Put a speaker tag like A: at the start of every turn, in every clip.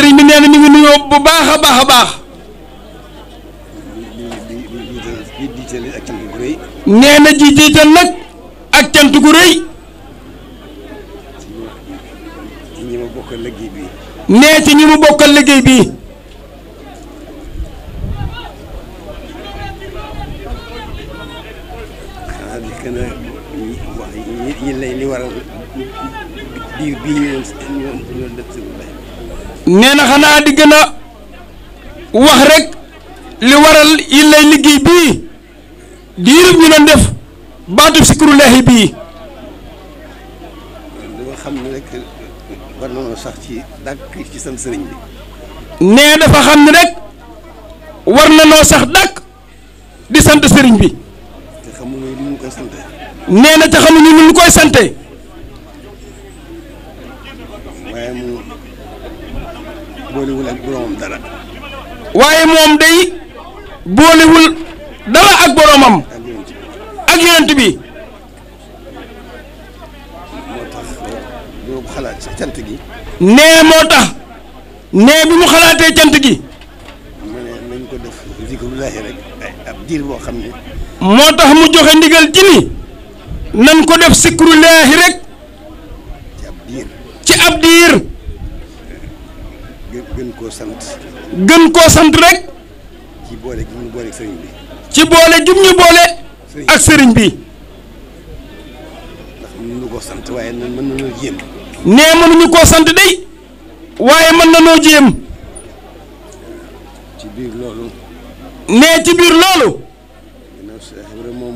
A: sëriñ bi nee na mi ngi nuyoo bu baax a baax a baax. nee na ji jiital nag cant gu rëy. nee ci ñi mu bokkal liggéey bii. li nee na xanaa di gën a wax rek li waral yi lay liggéey bii diirub ñu doon def baatub sikru laahi bii.
B: dama xam ne rek war sax ci dàkk ci sant
A: sëriñ bi. nee dafa xam ne rek war nañoo sax dàkk di sant sëriñ bi.
B: te xamuñu ni ñu
A: nee na te xamuñu ni ñu koy sante. waaye moom day boolewul dara ak boromam ak yonent bi nee moo tax nee bi mu xalaatee cant gi moo tax mu joxe ndigal ci nan ko def sikrullaahi rek
B: koo sant. gën koo sant rek. ci boole gi ñu boole ak sëriñ bi.
A: ci boole jum ñu boole. ak sëriñ bi. ndax koo sant waaye mën nañoo jéem. nee mënuñu koo sant day waaye mën nañoo jéem. biir loolu. nee ci biir loolu.
B: ginnaaw Cheikh Ibrahima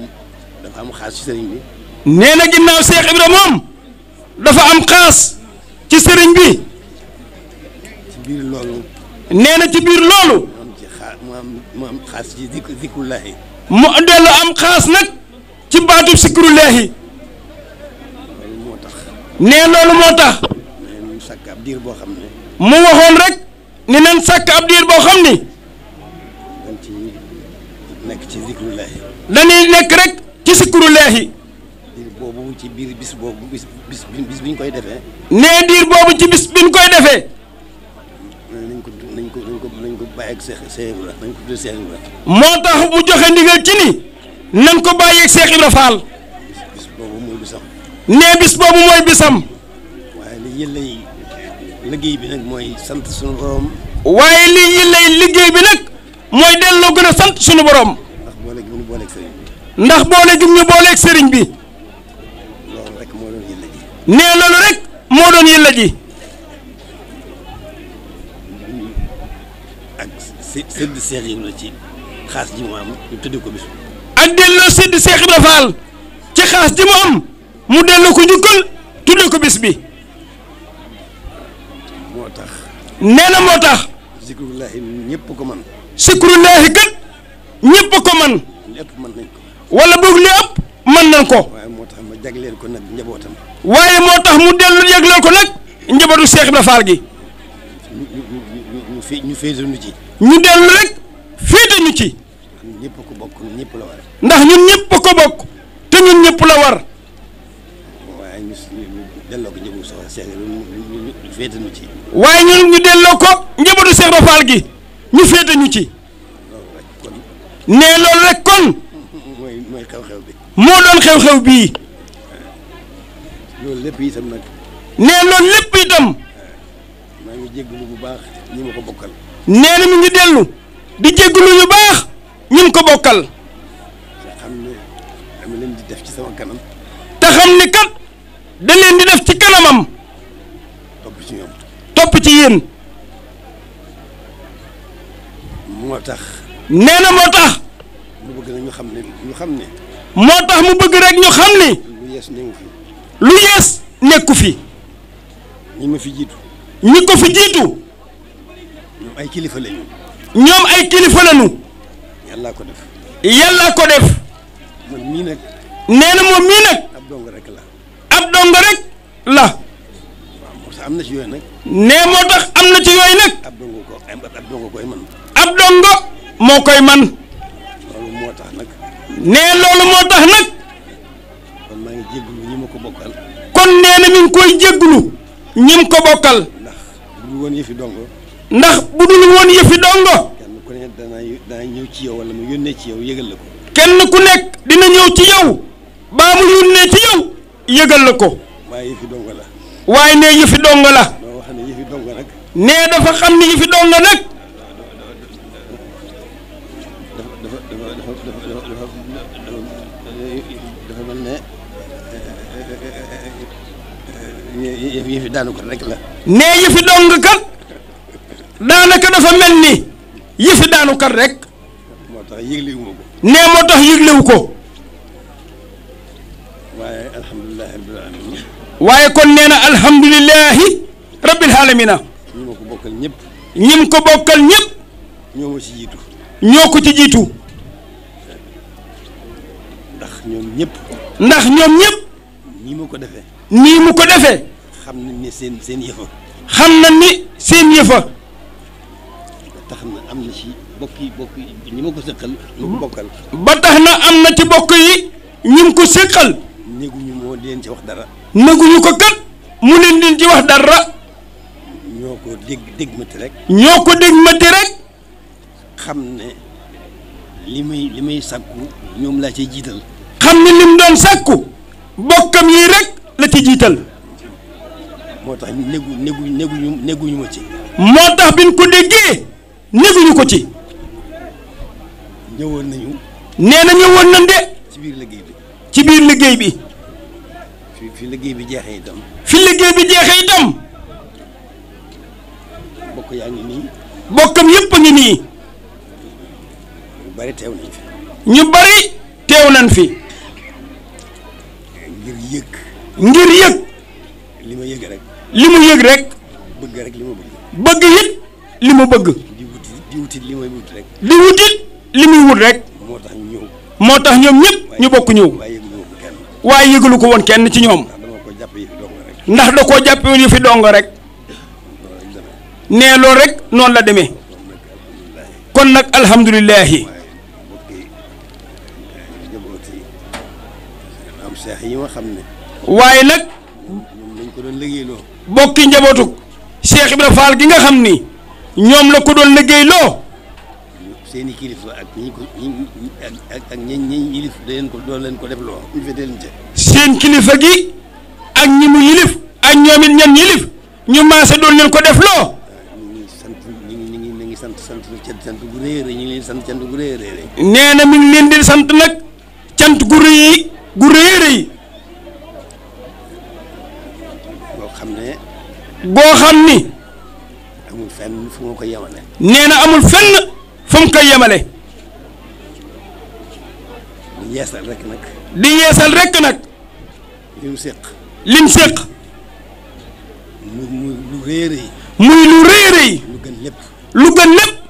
B: moom sëriñ bi.
A: nee na ginnaaw Cheikh Ibrahima moom dafa am xaas ci sëriñ bi. nee na ci biir loolu.
B: mu am mu am xaas ci
A: zikrullahi. mu dellu am xaas nag ci baatub zikrullahi. moo tax. nee loolu moo tax.
B: mu boo xam ne.
A: mu waxoon rek ni nan sàkk ab diir boo xam ni. dañ ci nekk ci zikrullahi. dañuy nekk rek ci zikrullahi.
B: diir boobu ci biir bis boobu bis bis bis biñ koy defee.
A: nee diir boobu ci bis biñ koy defee.
B: nañ ko nañ ko nañ ko bàyyi ak Seex Seex Ibra nañ ko tuddee Seex Ibra
A: moo tax bu joxe ndigal ci ni nañ ko bàyyi ak Seex Ibra Faal bis boobu nee bis boobu mooy bisam
B: waaye li yëllay liggéey bi nag mooy sant sunu
A: waaye li yëllay liggéey bi nag mooy delloo gën a sant sunu borom ndax
B: boole gi ñu booleeg sëriñ
A: ndax boole gi sëriñ bi
B: loolu rek moo doon
A: nee loolu rek moo doon yëlla ji
B: si sëriñ Seex Ibra ci xaas ji mu am ñu tuddee ko bis.
A: ak delloo sëriñ Seex Ibra Faal ci xaas ji mu am mu delloo ko njukkal tuddee ko bis bi. moo tax. nee na moo tax. sikrullaahi ñëpp ko man sikrullaahi kat ñëpp ko man
B: lépp mën nañ ko.
A: wala boog li ëpp mën nañ ko. waaye moo
B: tax ma jagleel ko nag njabootam.
A: waaye moo tax mu dellu jagleel ko nag njabootu Seex Ibra Faal gi. fi ñu féetanu ci. ñu dellu rek féetanu ci. ñëpp ko bokk ñun ñëpp la war. ndax ñun ñëpp ko bokk te ñun ñëpp la war.
B: waaye ñu delloo ko njabootu soxna ñu ci.
A: waaye ñun ñu delloo ko njabootu Cheikh Rafal gi ñu féetanu ci. ne loolu rek kon.
B: mooy mooy xew-xew bi. moo doon
A: xew-xew bii. loolu lépp itam nag. ne loolu lépp itam.
B: jéggalu bu baax ñi ma ko bokkal.
A: nee na mi ngi dellu baax ñi ko bokkal. te xam leen di def ci sama kanam. te xam ne leen di def ci kanamam. topp ci ñoom. moo tax. nee na moo
B: mu bëgg na ñu xam ne xam ne.
A: moo tax mu bëgg rek ñu xam ne. lu yees nekku fi. ñu ma fi jiitu. ñi ko fi jiitu. ñoom ay kilifa lañu. ñoom ay kilifa lañu.
B: na moom mii nag. ab dong rek
A: la. nag. nee moo tax am na ci yooyu nag.
B: ab dongo koy man.
A: ab dongo moo koy man. nee loolu moo tax nag. kon maa ngi koy jégalu ñi ko bokkal.
B: dul woon yëfi dongo.
A: ndax bu dul woon yëfi dongo.
B: kenn ku ne dana dana ñëw ci yow wala mu yónnee ci yow yëgal la ko.
A: kenn ku nekk dina ñëw ci yow baa mu yónnee ci yow yëgal la ko. waaye yëfi dongo la. waaye ne yëfi dongo la. doo
B: ne yëfi dongo nag.
A: nee dafa xam ne yëfi dongo nag. yëf yëfi daanu kat rek la. nee yëfi dong kat daanaka dafa mel ni yëfi daanu kat rek.
B: moo tax yëglewu ma ko.
A: nee moo tax yëglewu ko.
B: waaye alhamdulilah rabbil alamin.
A: waaye kon nee na alhamdulilahi rabbil alamina. ñi ma ko bokkal ñëpp. ñi ma ko bokkal ñëpp.
B: ñoo ma ci jiitu.
A: ñoo ko ci jiitu. ndax ñoom ñëpp. ndax ñoom ñëpp. nii mu ko defee. nii mu ko defee.
B: xam nañ ne seen seen yëfa.
A: xam nañ ni seen yëfa.
B: ba tax na am na ci bokk yi bokk yi ñi ma ko sëqal. ma ko bokkal.
A: na am na ci bokk yi ñi mu ko sëqal.
B: néguñu moo leen ci wax dara.
A: néguñu ko kat mu leen leen ci wax dara.
B: ñoo ko dégg dégg rek. ñoo ko dégg mati
A: rek. xam ne li muy li
B: may sàkku ñoom laa ciy jiital.
A: xam ne lim doon
B: sàkku bokkam yi rek la ci jiital. moo tax négu négu néguñu néguñu ma ci. moo
A: tax bi ñu ko déggee néguñu ko ci. ñëwoon nañu. nee na ñëwoon nañ de. ci biir liggéey bi. ci biir liggéey bi.
B: fi fi liggéey bi jeexee itam.
A: fi liggéey bi jeexee itam. bokk yaa ngi nii. bokkam yépp a ngi nii.
B: ñu bari teew nañ fi.
A: ñu bari teew nañ fi. ngir yëg. ngir yëg. li mu yëg rek.
B: bëgg rek li mu bëgg.
A: bëgg it li mu bëgg.
B: di wutit li muy wut
A: rek. li muy wut rek. moo tax ñu moo tax ñoom ñëpp ñu bokk ñëw. waaye yëgalu ko woon kenn ci ñoom. ndax da koo jàppee yu fi dongo rek. nee lool rek noonu la demee. kon nag alhamdulilahi. waaye nag. ñoom lañ ko doon liggéeyloo. bokki njabootug Cheikh Ibra Fall gi nga xam ni ñoom la ko doon liggéey loo.
B: seeni kilifa ak ñi ko ak ak ñi ñi yilif ko doon leen ko def loo ñu
A: fete kilifa gi ak ñi mu yilif ak ñoom it ñan yilif ñu maase doon leen ko def loo.
B: sant sant sant gu rëy a rëy ñu ngi leen sant sant gu rëy a rëy.
A: nee na mi leen di sant nag cant gu rëy gu rëy rëy
B: boo xam ne.
A: boo xam ni. amul fen fu mu ko yemale. nee na amul fenn fu mu koy yemale.
B: di yeesal rek nag. di
A: yeesal rek nag. lim séq. lim séq. muy muy lu rëy muy lu rëy
B: lu gën lépp. lu gën lépp.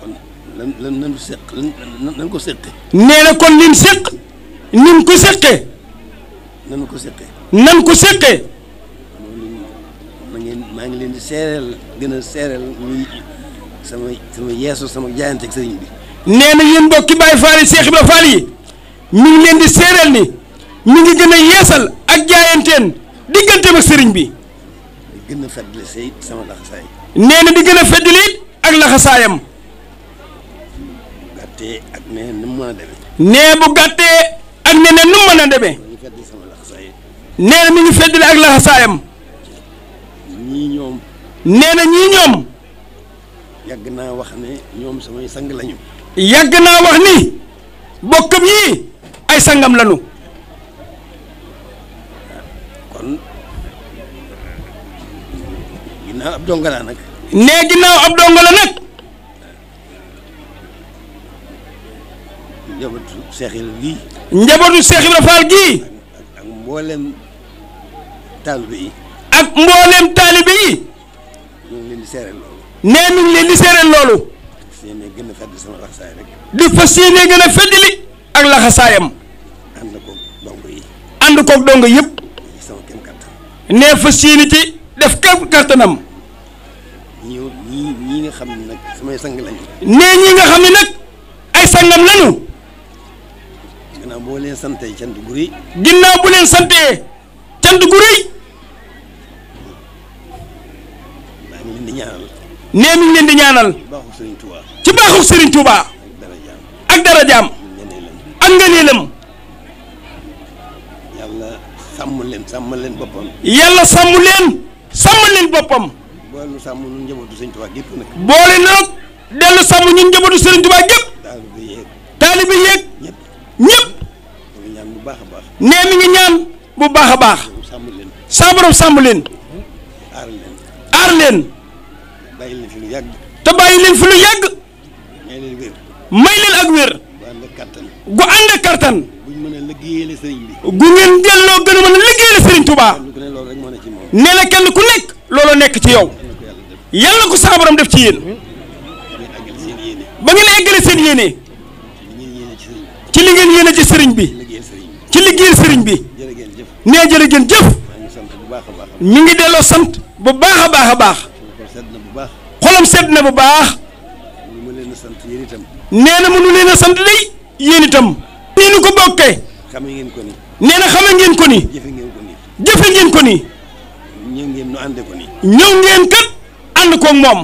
B: kon lan lan lan séq lan lan ko séqee.
A: nee na kon lim séq. nim ko séqee. nan ko séqee. nan ko séqee.
B: maa ngi leen di seereel gën a seereel muy sama sama yeesu sama jaayante ak sëriñ bi.
A: nee na yéen mbokki Baye Fall yi Cheikh Ibra Fall yi mi ngi leen di seereel ni mi ngi gën a yeesal ak jaayanteen digganteem ak sëriñ bi.
B: di gën a feddali say sama laxasaay.
A: nee na di gën a feddali it ak laxasaayam. gàttee ak nee na nu mu mën a demee. nee bu gàttee ak nee na nu mu mën a demee. nee na mi ngi feddali ak laxasaayam. ñoom. nee na ñii ñoom.
B: yàgg naa wax ne ñoom samay sang lañu.
A: yàgg naa wax ni bokkam yii ay sangam lañu. kon ginnaaw ab donga la nag. nee ginnaaw ab donga la nag.
B: njabootu Cheikh Ibrahima gii. njabootu Cheikh
A: Ibrahima
B: ak mboolem. taalibe yi. ak mboolem taalibe yi. ñu ngi leen di seereel loolu. nee ñu ngi leen di seereel loolu. fas yéene gën a fedd sama laxasaay rek. di
A: fas yéene gën a fedd li ak laxasaayam. ànd koog dongo yi. ànd koog dongo yëpp. sama kem kattan. nee fas ci def kem kattanam.
B: ñi ñii ñii nga xam ne nag samay nee ñii nga xam ne
A: nag ay sangam lañu. ginnaaw
B: boo leen santee cant gu ginnaaw bu leen santee
A: cant gu nee mi ngi di ñaanal ci baaxu Serigne Touba ak dara jam ak ngëneelam
B: yalla sammu len sammu len bopam yalla sammu len
A: sammu len bopam boole nu sàmm ñun njabootu Serigne Touba gépp nag. boole nak
B: delu sammu ñu njabootu Serigne Touba gep
A: talibi yek ñep yeeg
B: ngi ñaan bu baax a baax.
A: nee mi ngi ñaan bu baax a baax. sàmm leen sàmm leen. aar leen aar bàyyi leen te bàyyi leen fi lu yàgg. may leen wér. may leen ak wér. gu ànd ak kattan. gu ànd ak kattan. gu ñu mën a liggéeyale sëriñ bi. gu ngeen delloo gën a mën a liggéeyale sëriñ Touba. nee na kenn ku nekk looloo nekk ci yow. yàlla ko saa borom def ci yéen. ba ngeen eggale seen yéene. ci li ngeen yéene ci sëriñ bi. ci liggéeyal sëriñ bi. nee jërë ngeen jëf. mi ngi delloo sant bu baax a baax a baax. sedd na bu baax. xolam sedd na bu baax. mënu
B: leen sant yéen
A: nee na mënu leen a sant day yéen itam. nii nu ko bokkee.
B: xame ngeen ko ni.
A: nee na xame ngeen ko ni. jëfe ngeen ko ni. jëfe ko ni.
B: ñëw ngeen nu ànde ni.
A: ñëw ngeen kat ànd koog moom.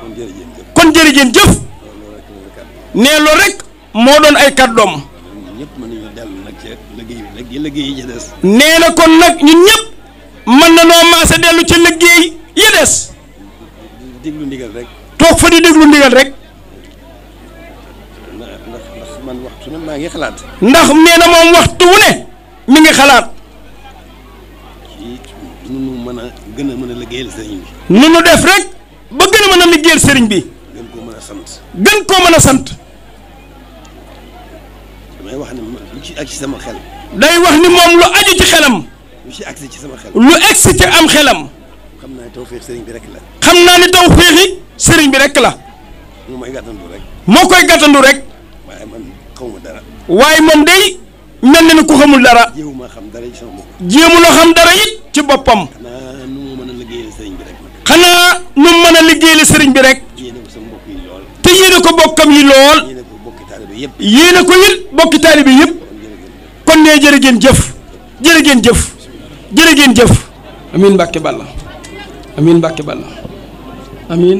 A: kon jërëjëf jëf kon jërëjëf jëf. nee loolu rek moo doon ay kàddoom.
B: ñëpp mën nañu dellu nag ca liggéey liggéey yi ca
A: nee na kon nag ñun ñëpp mën na noo maase dellu ca liggéey yi des. déglu ndigal rek. toog fa di déglu ndigal rek. ndax ndax man waxtu ne maa
B: ngi xalaat. ndax nee na moom
A: waxtu wu ne mi ngi xalaat.
B: ci nu nu mën a gën a mën a liggéeyal sëriñ bi.
A: nu nu def rek ba gën a mën a liggéeyal sëriñ bi.
B: gën koo mën a sant.
A: gën koo mën a sant. damay wax ne lu ci ak ci sama xel. day wax ni moom lu aju ci xelam.
B: lu ci agsi ci sama xel. lu agsi ci am xelam. xam naa ne tawféexi sëriñ rek xam naa ne
A: tawféexi sëriñ bi rek la.
B: moo may gàttandu rek.
A: moo koy gàttandu rek. waaye man xamuma waaye moom day mel na ni ku xamul dara. jéemu ma xam dara it sama bopp. jéemu la xam dara it ci boppam. xanaa nu mu mën a liggéey sëriñ bi rek. xanaa nu mën a liggéeyal sëriñ bi rek. yéene mbokk yi lool. te yéene ko bokkam yi lool. yéene ko bokki taalibe yëpp. yéene ko it bokki taalibe yëpp. kon nee jërë ngeen jëf. jërë ngeen jëf. jërë ngeen jëf. amiin Mbàkke Balla amiin Mbacke Balla amiin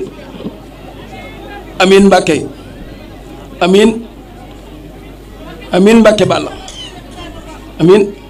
A: amiin Mbacke amiin amiin Mbacke Balla amiin